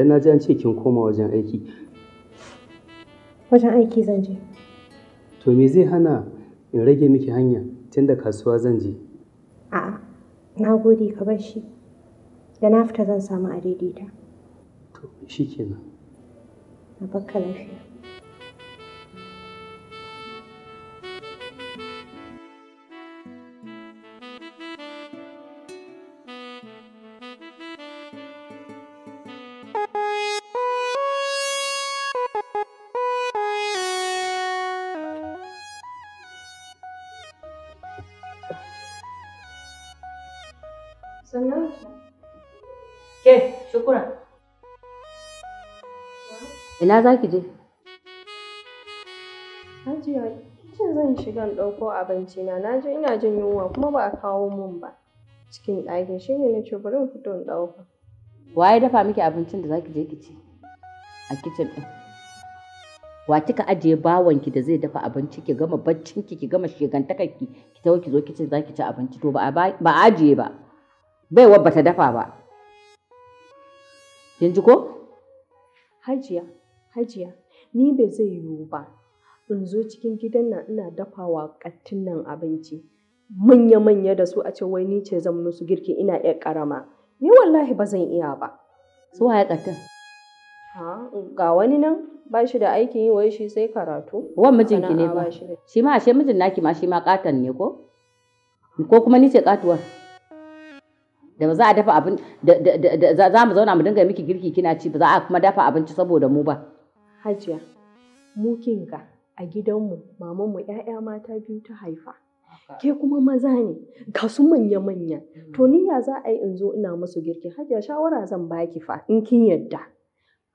dan na ji an ce kin koma wajen aiki wajen aiki zan je to me zai hana in rage miki hanya tunda kasuwa zan je a'a na gode ka bar shi da na fita zan samu a daidaita to kenan na bakka lafiya ina za ki je? Hajiya, kicin zan shiga in ɗauko abinci na. Na ina jin yunwa kuma ba a kawo mun ba cikin ɗakin. Shi ne na ce bari in fito in ɗauka. Wa ya dafa miki abincin da za ki je ki ci a kicin ɗin? Wa kika ajiye bawanki da zai dafa abinci ki gama baccin ki gama shigantakar ki tawo ki zo kicin za ki ci abinci to ba a ajiye ba. Baiwa ba ta dafa ba. Kin ji ko? Hajiya. Hajiya, ni ba zai yiwu ba. In zo cikin gidan nan ina dafa wa ƙattin nan abinci. Manya-manya da su a ce wai ni ce zan musu girki ina iya ƙarama. Ni wallahi ba zan iya ba. Su waye ƙattin? Ha, ga wani nan ba shi da aikin yi wai shi sai karatu. Wan mijinki ne ba. Shi ma ashe mijin naki ma shi ma ƙaton ne ko? Ko kuma ni ce ƙatuwar? da ba za a dafa abin da za mu zauna mu dinga miki girki kina ci ba za a kuma dafa abinci saboda mu ba Hajiya, mu kinga a gidanmu mamanmu ‘ya'ya mata biyu ta haifa. Ke kuma maza ne, ga su manya-manya. Hmm. To ni ya za a yi in zo ina musu girki? Hajiya shawara zan baki fa in kin yadda.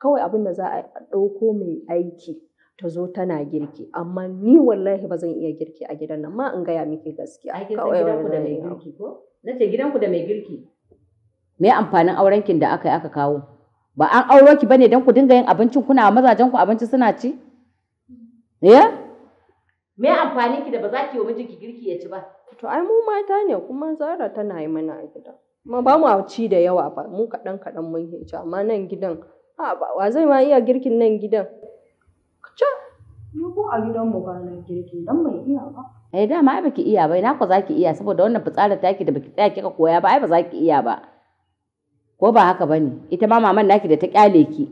Kawai abin da za a ɗauko mai aiki ta zo tana girki, amma ni wallahi ba zan iya girki a gidan nan ma in gaya miki gaskiya. Ai da mai girki ko? Nace gidanku da mai girki. Me amfanin aurenkin da aka yi aka kawo? ba an auro ki bane don ku dinga yin abincin kuna mazajen ku abinci suna ci ya me amfani ki da ba za ki yi wa mijinki girki ya ci ba to ai mu mata ne kuma zara tana yi mana a gida kuma ba mu ci da yawa ba mu kaɗan kaɗan mun ci amma nan gidan a ba wa zai ma iya girkin nan gidan ca ni ko a gidan mu ba na girki dan mai iya ba eh dama ai baki iya ba na ku zaki iya saboda wannan fitsarin taki da baki tsaya kika koya ba ai ba zaki iya ba ko ba haka bane ita ma maman naki da ta kyale ki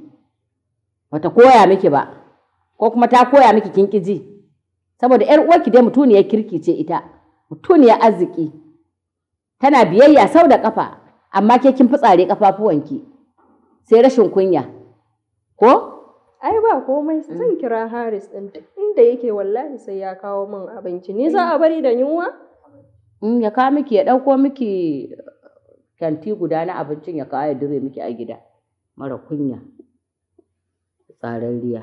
bata koya miki ba ko kuma ta koya miki kin ji saboda yar uwarki dai mutuniyar kirki ce ita mutuniyar arziki tana biyayya sau da kafa amma ke kin fitsare kafafuwanki sai rashin kunya ko ai ba komai zan kira Haris din inda yake wallahi sai ya kawo min abinci ni za a bari da yunwa mm, ya kawo miki ya dauko miki kanti guda na abincin ya kawo ya dure miki a gida mara kunya tsararriya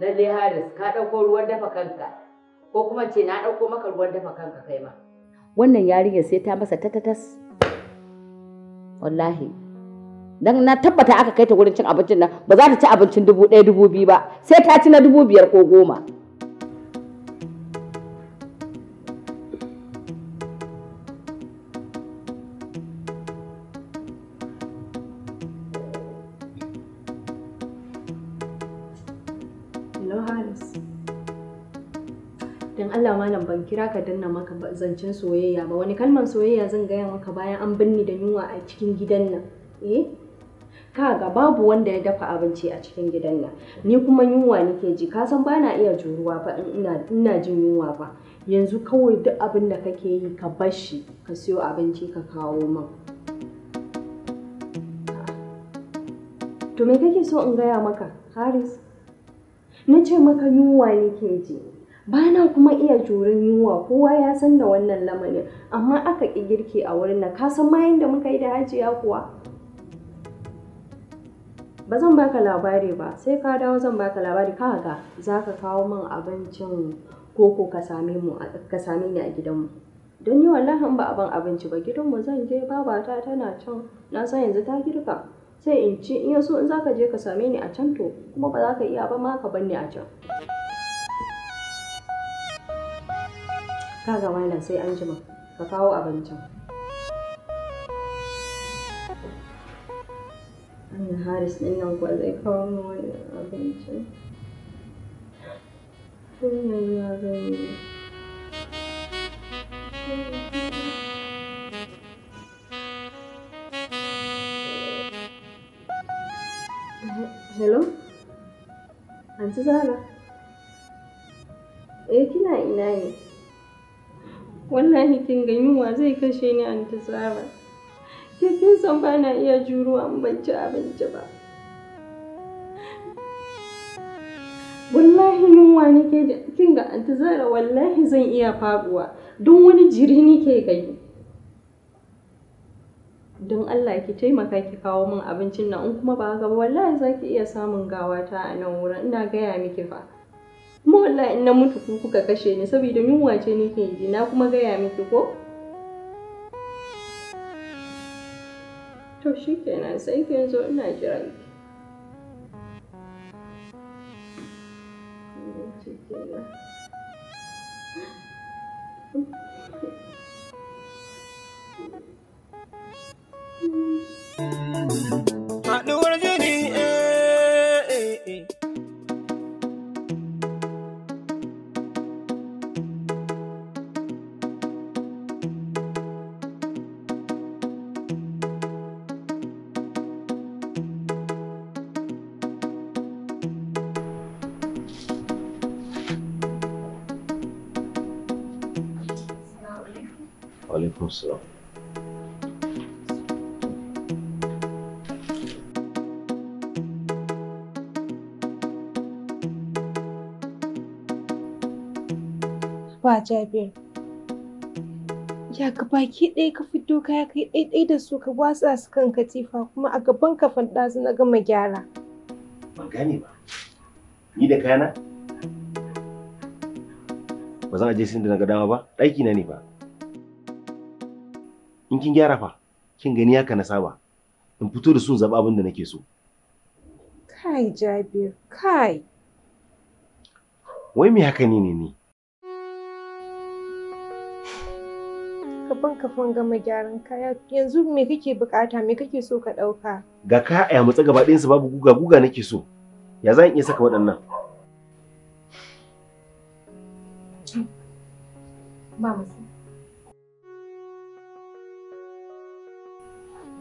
lallai haris ka ɗauko ruwan dafa kanka ko kuma ce na ɗauko maka ruwan dafa kanka kai ma wannan yarinyar sai ta masa tatatas wallahi dan na tabbata aka kai ta wurin cin abincin nan ba za ta ci abincin dubu ɗaya dubu biyu ba sai ta ci na dubu biyar ko goma kira ka danna maka zancen soyayya ba wani kalman soyayya zan gaya maka bayan an binni da yunwa a cikin gidan nan eh kaga babu wanda ya dafa abinci a cikin gidan nan ni kuma yunwa nake ji ka san bana iya juruwa fa ina ina jin yunwa fa yanzu kawai duk abin da kake yi ka bar shi ka siyo abinci ka kawo min to me kake so in gaya maka Haris na ce maka yunwa nake ji bana kuma iya jurin yunwa kowa ya san da wannan lamarin amma aka ƙi girki a wurin nan ka san ma muka yi da hajiya kuwa ba zan baka labari ba sai ka dawo zan baka labari ga za ka kawo min abincin koko ka same ni a gidanmu don yi wallahan ba abin abinci ba gidanmu zan je babata tana can na san yanzu ta girka sai in ci in yaso in zaka je ka same ni a can to kuma ba za ka iya ba ma ka bar ni a can kaga malam sai an jima ka kawo abincin Haris ɗin nan kuwa zai kawo abincin. Kunyar ya zai yi. Hello? Anti Zara? Eh kina ina ne? wallahi kin ga yunwa zai kashe ni an ta tsara ke kin san ba na iya juro an ban ci abinci ba wallahi yunwa nake da kin ga an ta tsara wallahi zan iya faduwa don wani jiri nake gani don Allah ki taimaka ki kawo min abincin nan in kuma ba haka ba wallahi zaki iya samun gawata a nan wurin ina gaya miki fa kuma wallahi in na mutu ku kuka kashe ni saboda yunwa ce nake ji na kuma gaya miki ko to shikenan sai kin yanzu ina jira ki Walaikun salam. Ba Jabir, ya ka baki ɗaya ka fito kaya kai ɗaiɗai da su ka watsa su kan katifa kuma a gaban ka ɗazu na gama gyara. Ban gane ba, ni da kayana? Ba zan aje sin da na ga dama ba, ɗaki na ne ba. in kin gyara fa kin gani haka na saba in fito da sun zaba abin da nake so kai jabir kai wai me haka ne ne ne kafan, kafan gama gyaran kaya yanzu me kake bukata me kake so ka dauka ga ka aya mutsa gaba su babu guga guga nake so ya zan iya saka waɗannan ba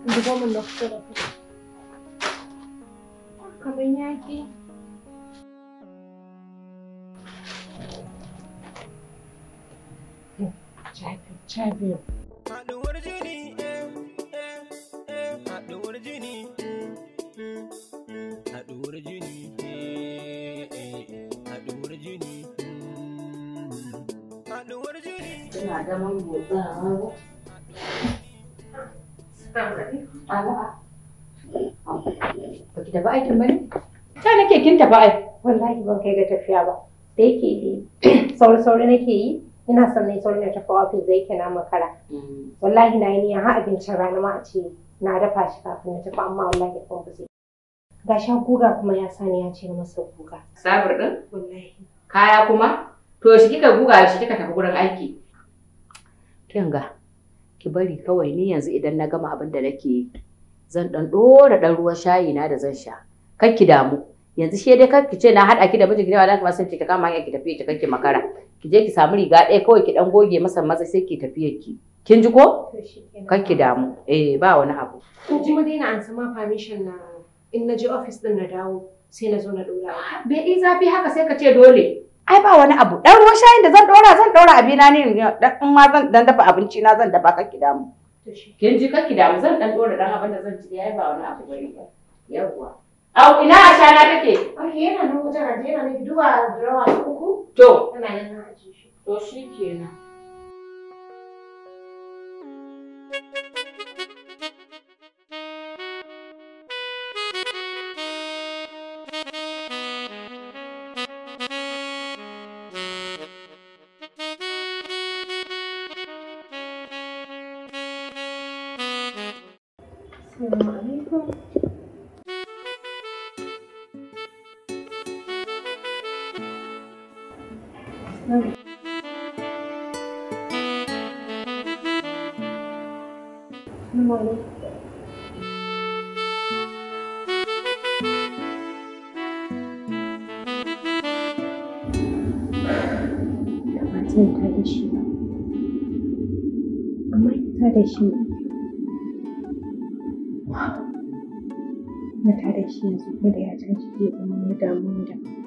Dugo mun mendokter aku yaki. Chabi, chabi. Haɗuwar jini, haɗuwar jini, Baki da ba aikin bane? Ta nake kin tafi ai. Wallahi ban kai ga tafiya ba. Da yake sauri sauri nake yi. Ina son na yi sauri na tafi ofis da yake na makara. Wallahi na yi niyan har abincin rana ma a ce na dafa shi kafin na tafi amma wallahi ban ba Ga sha guga kuma ya sani ya ce masa guga. Sabir din? Wallahi. Kaya kuma? To shi kika guga shi kika tafi gurin aiki. Kinga. ki bari kawai ni yanzu idan na gama abin da nake yi zan dan dora dan ruwan shayi na da zan sha kar ki damu yanzu shi dai kar ki ce na hada ki da miji ne ba za san ki kama hanya ki tafi ki kanki makara ki je ki samu riga ɗaya kawai ki dan goge masa maza sai ki tafi ki kin ji ko kar ki damu eh ba wani abu ko kuma dai na an sama permission na in na je office din na dawo sai na zo na dora bai yi zafi haka sai ka ce dole ai ba wani abu dan ruwan shayin da zan ɗora zan ɗora abina ne in ma zan dan dafa abinci na zan dafa kake damu kin ji kake damu zan dan ɗora dan abin da zan ci ai ba wani abu bane ba yawwa au ina a shana take ai yana nan wajen aje yana ne duwa drawer uku to ina nan na aje shi to shikenan 嗯，嗯，我嘞，哎，怎么这么累心？怎么这么累心？我太累心了，所以我得要找自我得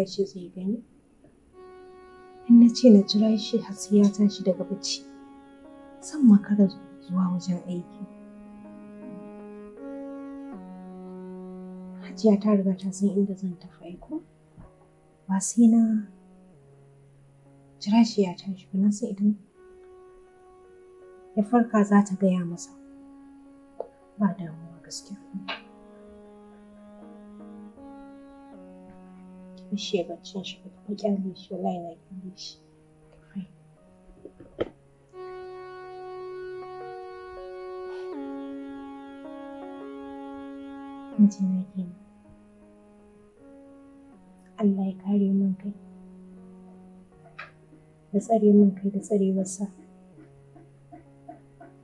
ya zai gani in na ce na jira shi har sai ya tashi daga bacci san makara zuwa wajen aiki hajiya ta riga ta san inda zan tafi aiko ba sai na jira shi ya tashi ba na san idan ya farka za ta gaya masa ba damuwa gaskiya fashe ban na Allah ya kare min kai da tsare min kai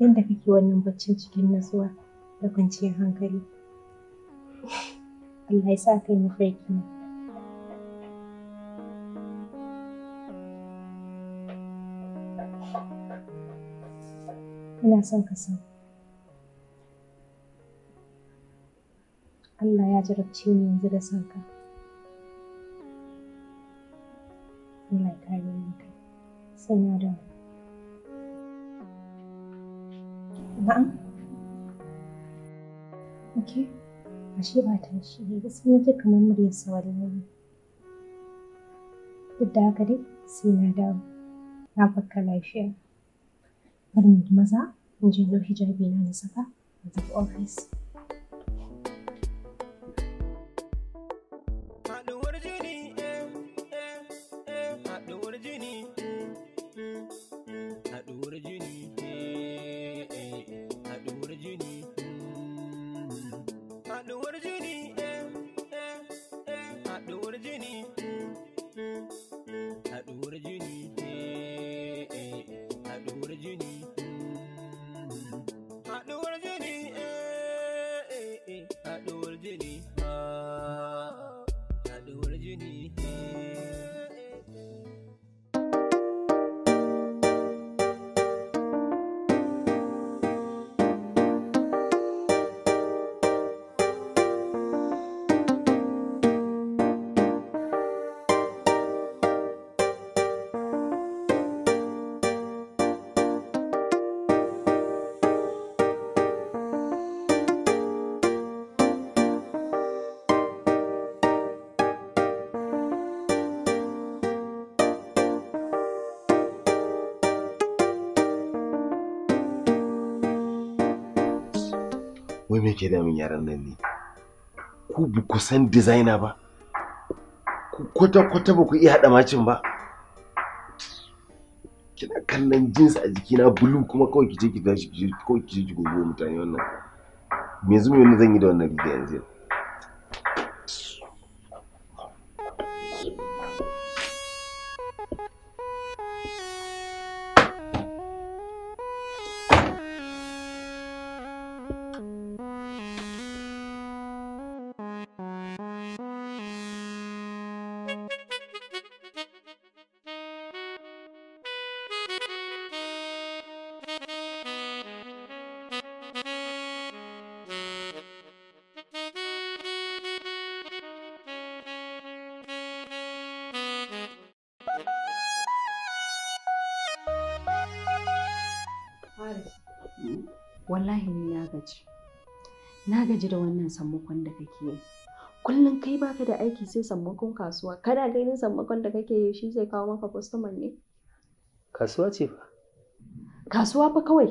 da kake wannan baccin cikin natsuwa da kwanciyar hankali Allah ya sa kai mafarki na ina son ka san Allah ya jarabce ni yanzu da son ka Allah ya kare ni kai sai na da na'am okay ashe ba ta shi ne sun yake kamar muryar sawari ne duk da haka dai sai na dawo na fakka lafiya bari maza in je na hijabi na na saka a tafi ofis wai me ke damun yaran nan ne ku ba ku san designer ba ku kwata kwata ba ku iya haɗa macin ba kina kallon jeans a jikina blue kuma kawai ki je ki tashi ki je ki je gogo mutane wannan me yanzu me zan yi da wannan riga yanzu wallahi ni na gaji na gaji da wannan sammakon da kake yi kullum kai baka da aiki sai sammakon kasuwa kana ganin sammakon da kake yi shi zai kawo maka customer ne kasuwa ce fa kasuwa fa kawai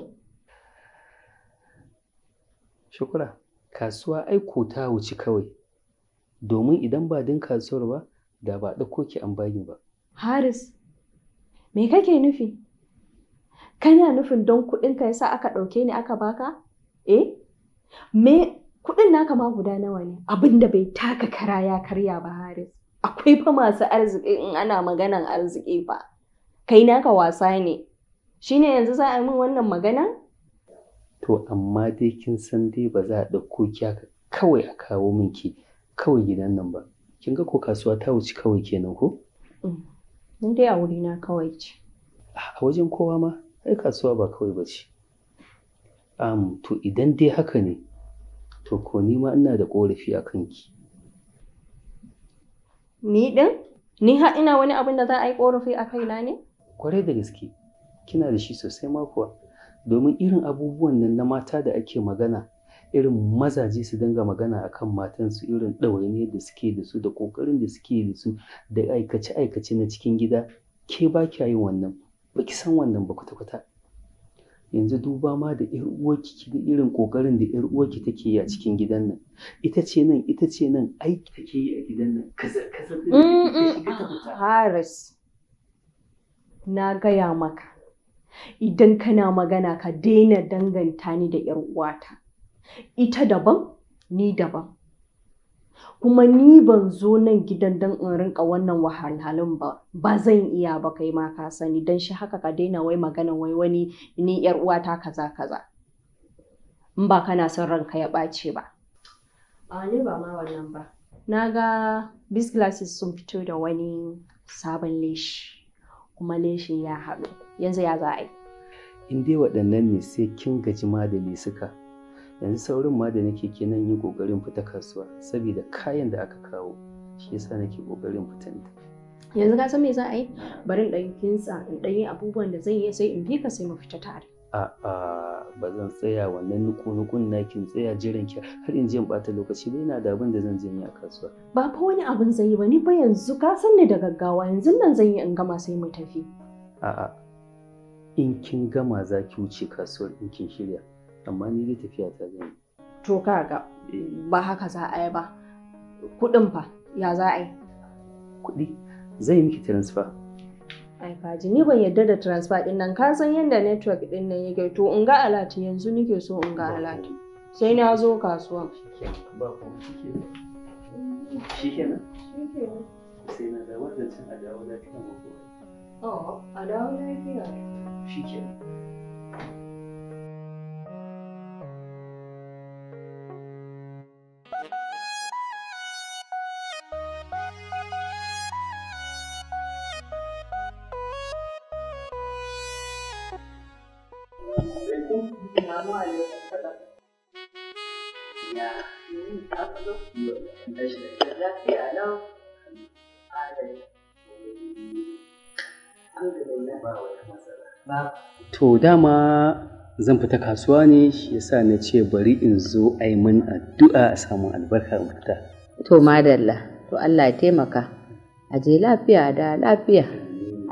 shukura kasuwa ai ko ta wuci kawai domin idan ba din kasuwar ba da ba ɗauko ki an bani ba haris me kake nufi kana nufin don kuɗin ka yasa aka ɗauke ni aka baka eh me kuɗin naka ma guda nawa ne abin da bai taka kara ya karya ba haris akwai fa masu arziki in ana maganan arziki fa kai naka wasa ne shine yanzu za a yi min wannan magana to amma dai kin san dai ba za a ɗauko ki haka kawai a kawo min ki kawai gidan nan ba kin ga ko kasuwa ta wuce kawai kenan ko Mun mm. dai a wuri na kawai ce a wajen kowa ma ai kasuwa ba kawai ba ce um, to idan dai haka ne to ko ni ma ina da korafi a kanki ni din ni har ina wani abin da za a yi korafi a kaina ne kwarai da gaske kina da shi sosai ma kuwa domin irin abubuwan nan na mata da ake magana irin mazaje su dinga magana akan matansu irin ne da suke da su da ƙoƙarin da suke da su da aikace-aikace na cikin gida ke ba kya yin wannan Baki san wannan ba kwata-kwata yanzu duba ma da yar uwarki da irin kokarin da yar uwarki take yi a cikin gidan nan ita ce nan ita ce nan aiki take yi a gidan nan kaza kaza mm, mm, ah, na gaya maka idan kana magana ka daina danganta ni da yar uwata ita daban ni daban kuma ni ban zo nan gidan don in rinka wannan wahalhalun ba ba zan iya ba kai ma ka sani don shi haka ka daina wai magana wai wani ni yar uwata kaza kaza in ba kana son ranka ya ɓace ba a ni ba ma wannan ba na ga glasses sun fito da wani sabon leshi kuma leshin ya haɗu yanzu ya za a yi in dai waɗannan ne sai kin gaji ma suka yanzu saurin ma da nake kenan yi kokarin fita kasuwa saboda kayan da aka kawo shi yasa nake kokarin fita ne yanzu ka san me za a yi bari in ɗan kinsa in ɗan yi abubuwan da zan yi sai in bi ka sai mu fita tare a'a ba zan tsaya wannan nuku-nukun na kin tsaya jiran ki har in je in bata lokaci ba yana da abin da zan je ni a kasuwa ba fa wani abin zan yi ba ni ba yanzu ka san ni da gaggawa yanzu nan zan yi in gama sai mu tafi a'a in kin gama za ki wuce kasuwar in kin shirya amma ni dai tafiya ta zan yi to kaga ba haka za a yi ba kuɗin fa ya za a yi kuɗi zai miki transfer ai faji ni ban yarda da transfer din nan ka san yadda network din nan yake to in ga alati yanzu nike so in ga alati sai na zo kasuwan ba ko shikenan shikenan sai na da wannan cin a dawo lafiya ko ko oh, a dawo lafiya shikenan Ya, ni To dama zan fita kasuwa ne shi yasa na ce bari in zo ai min addu'a a samu albarka in fita. To madalla, to Allah ya taimaka. A je lafiya da lafiya.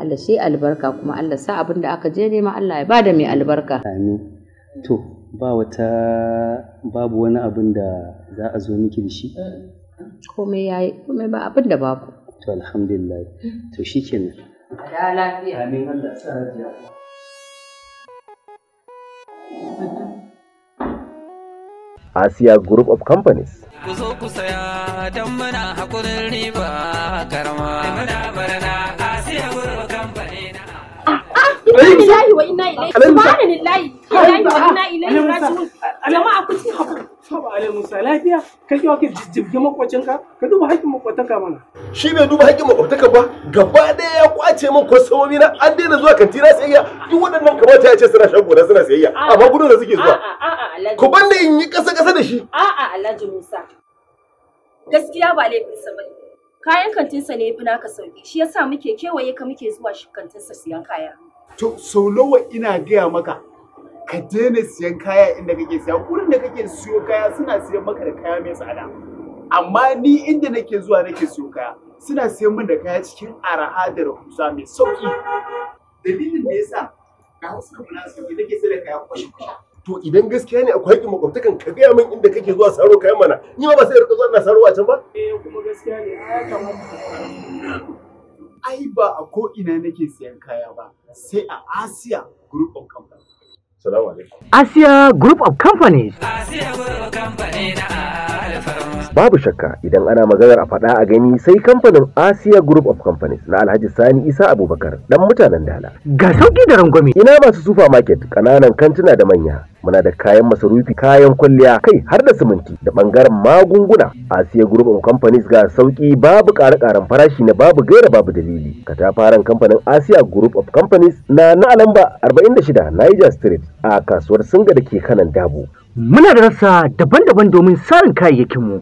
Allah shi albarka kuma Allah sa abin da aka je nema Allah ya bada mai albarka. Amin. to ba wata babu wani abin da za a zo miki da shi komai yayi komai ba abin da babu to alhamdulillah to shikenan da lafiya amin Allah sa rajiya Asia Group of Companies. Ku zo ku saya don muna haƙurin riba karama. Muna barna lillahi wa inna ilaihi subhanallahi lillahi wa inna ilaihi raji'un jama'a ku ci hakuri saba alai musa lafiya kai kiwa ka jijjibge makwacinka ka duba haƙƙin makwataka mana shi bai duba haƙƙin ka ba gaba ɗaya ya kwace min kwastomomi na an daina zuwa kantina sayayya duk waɗannan kamar ta yace suna shan gona suna sayayya amma gudun da suke zuwa ku ban da in yi ƙasa-ƙasa da shi a'a alhaji musa gaskiya ba laifinsa ba kayan kantinsa ne ya fi naka sauki shi yasa muke kewaye ka muke zuwa kantinsa siyan kaya to sau nawa ina gaya maka ka daina siyan kaya inda kake siya wurin da kake siyo kaya suna siyan maka da kaya mai tsada amma ni inda nake zuwa nake siyo kaya suna siyan min da kaya cikin araha da rahusa mai sauki dalilin da yasa ga wasu kamfanin sauki nake sayar da kaya kwashe to idan gaskiya ne akwai haƙƙin makwabtakan ka gaya min inda kake zuwa saro kayan mana ni ma ba sai rika zuwa ina saro a can ba eh kuma gaskiya ne ya kamata ai ba a ko ina nake siyan kaya ba sai a Asia Group of Companies. Asiya alaikum. Asia Group of Companies. Asia Group of Companies babu shakka idan ana maganar a faɗa a gani sai kamfanin asia group of companies na alhaji sani isa abubakar dan mutanen dala ga sauki da rangwame ina masu market kananan kantuna da manya muna da kayan masarufi kayan kwalliya kai har da siminti da bangaren magunguna asia group of companies ga sauki babu ƙare farashi na babu gaira babu dalili katafaren kamfanin asia group of companies na na alamba 46 niger street a kasuwar singa da ke kanan dabo muna da rasa daban-daban domin sarin kayayyakinmu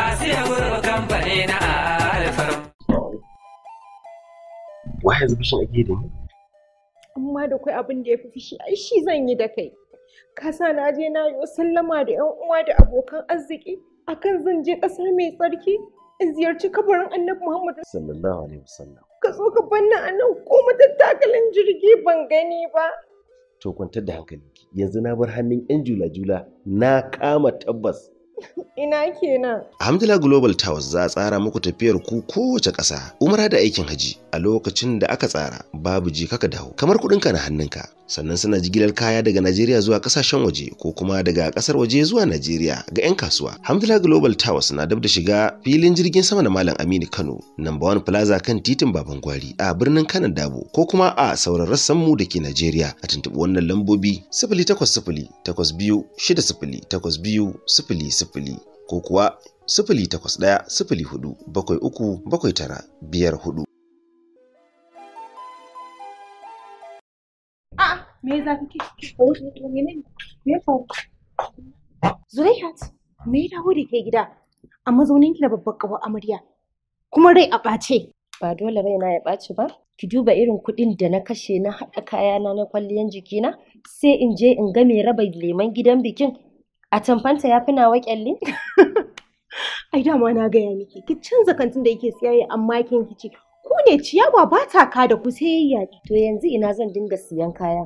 siya zubishin da ni? Amma da kai abin da ya fi fushi ai shi zan yi da kai. Ka sa na je na yi sallama da 'yan uwa da abokan arziki akan zan je ƙasa mai tsarki in ziyarci kabarin annabi Muhammad sallallahu alaihi wasallam. Ka zo ka banna a nan ko matattakalin jirgi ban gani ba. To kwantar da hankalinki yanzu na bar hannun 'yan jula-jula na kama tabbas Ina kenan. Alhamdulillah Global Towers za a tsara muku tafiyar ku kowace ƙasa, umara da aikin haji. a lokacin da aka tsara babu ji kaka dawo kamar kuɗinka na hannunka sannan suna jigilar kaya daga Najeriya zuwa kasashen waje ko kuma daga ƙasar waje zuwa Najeriya ga 'yan kasuwa. Hamdala Global Towers na dab da shiga filin jirgin sama na Malam Aminu Kano, Number One Plaza kan titin Baban Gwari a birnin Kano Dabo ko kuma a sauran rassan mu da ke Najeriya a tuntuɓi wannan lambobi sifili takwas sifili takwas biyu sifili takwas ko kuwa ɗaya sifili hudu bakwai uku bakwai tara biyar hudu. me za me faru Zulaihat ke gida a mazaunin ki da babbar kawo amarya kuma rai a ɓace ba dole raina ya ɓaci ba ki duba irin kuɗin da na kashe na haɗa kaya na kwalliyan jikina sai in je in ga mai raba leman gidan bikin a tamfanta ya fi nawa kyalle ai dama na gaya miki ki canza kantin da yake siyayya amma kin kici ku ne ciyawa ba ta ka da ku sai yayi to yanzu ina zan dinga siyan kaya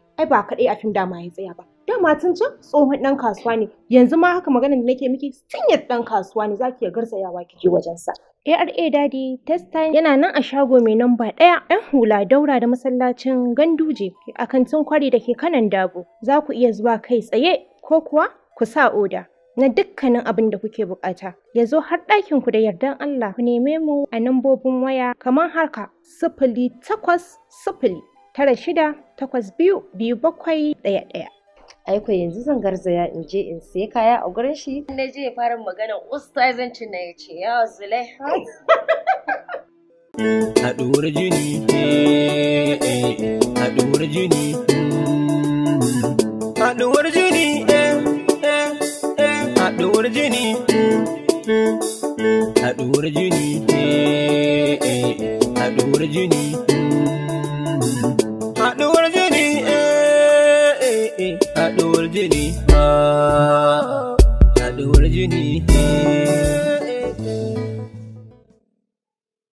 ai ba kaɗai a fim dama ya tsaya ba dama tun can tsohon ɗan kasuwa ne yanzu ma haka magana da nake miki yadda ɗan kasuwa ne zaki ya garzayawa kike wajen sa ARA Daddy Test Time yana nan a shago mai namba ɗaya ‘yan hula daura da masallacin Ganduje a kantin kwari da ke kanan dabo. Za ku iya zuwa kai tsaye ko kuwa ku sa oda na dukkanin abin da kuke bukata. Ya zo har ɗakin ku da yardan Allah ku neme mu a nambobin waya kamar haka sifili takwas sifili tara shida takwas biyu biyu bakwai ɗaya ɗaya. Aiko yanzu zan garzaya in je in sai kaya a gurin shi. Na je fara magana ustazancin na ya ce ya zulai. Eh, eh, haɗuwar jini, haɗuwar jini, eh, haɗuwar jini, haɗuwar jini, haɗuwar jini, haɗuwar jini.